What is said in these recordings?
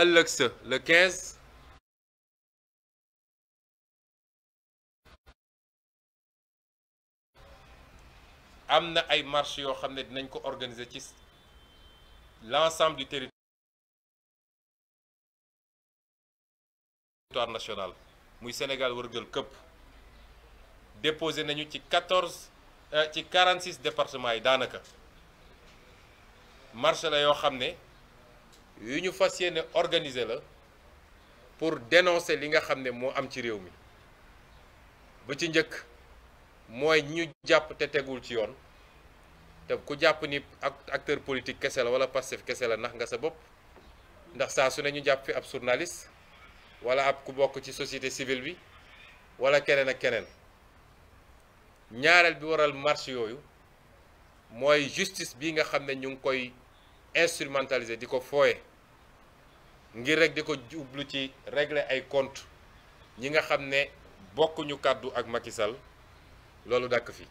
ëllëg le 15 am na ay marches yoo xam ne dinañ ko organiser ci l'ensemble du territoire national muy Sénégal wërgal këpp déposé nañu ci 14 euh, ci 46 départements yi daanaka marche la été xam yu ñu fas yéene organiser la pour dénoncer li nga xamné mo am ci réew mi ba ci ñëk moy ñu japp té tegul ci yoon té ku japp ni acteur politique kese la wala Pastef kese la nax nga sa bop ndax sa su ne ñu japp fi ab journaliste wala ab ku bok ci société civile bi wala keneen ak keneen ñaaral bi waral marche yoyu moy justice bi nga xamné ñu ngi koy. instrumentaliser di ko fooye ngir rek di ko jublu ci régler ay compte ñi nga xam ne bokkuñu kàddu ak Macky loolu dàkk fi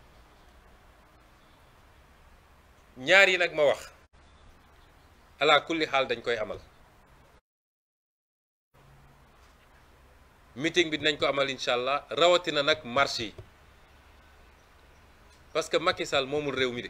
ñaar yi nag ma wax ala xaal dañ koy amal meeting bi dinañ ko amal incha allah rawatina nag marché yi parce que Macky moomul réew mi de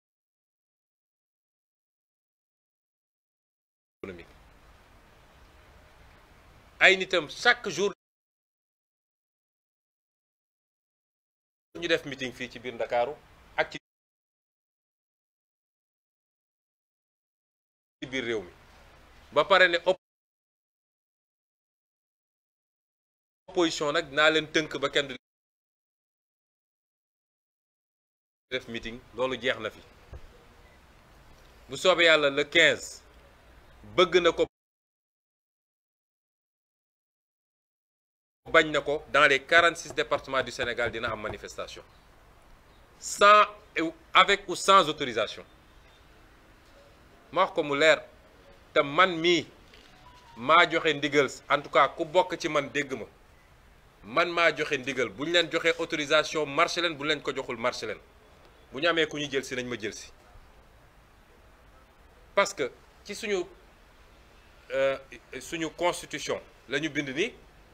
ay nitam chaque jour ñu def meeting fii ci biir Ndakaaru ak ci biir réew mi ba pare ne opposition nag naa leen tënk ba kenn du def meeting loolu jeex na fi bu soobee yàlla le 15 bëgg na ko dans les 46 départements du Sénégal a une manifestation sans avec ou sans autorisation Je pense te man en tout cas ku ci man man autorisation marche bu ko joxul vous ku parce que euh, constitution nous avons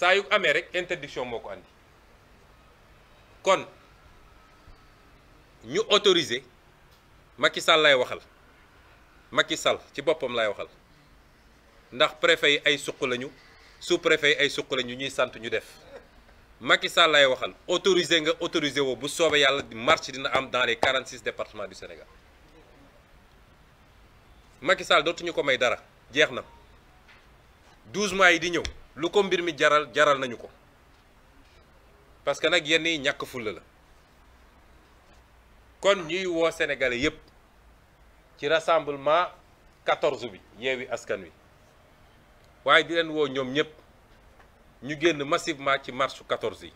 saa yu amee rek interdiction moo ko andi kon ñu autoriser Macky Sall lay waxal Macky Sall ci boppam lay waxal ndax préfet yi ay suq lañu sous préfet yi ay suq lañu ñuy sant ñu def Macky Sall lay waxal autoriser nga autorisé woo bu soobee yàlla marche dina am dans les 46 départements du Sénégal Macky Sall dootuñu ko may dara jeex na 12 mois yi di ñëw. lu ko mbir mi jaral jaral nañu ko parce que nag yenn yi ñàkk fulla la kon ñuy woo sénégalais yépp ci rassemblement 14 bi yeewi askan wi waaye di leen woo ñoom ñépp ñu génn massivement ci marche 14 yi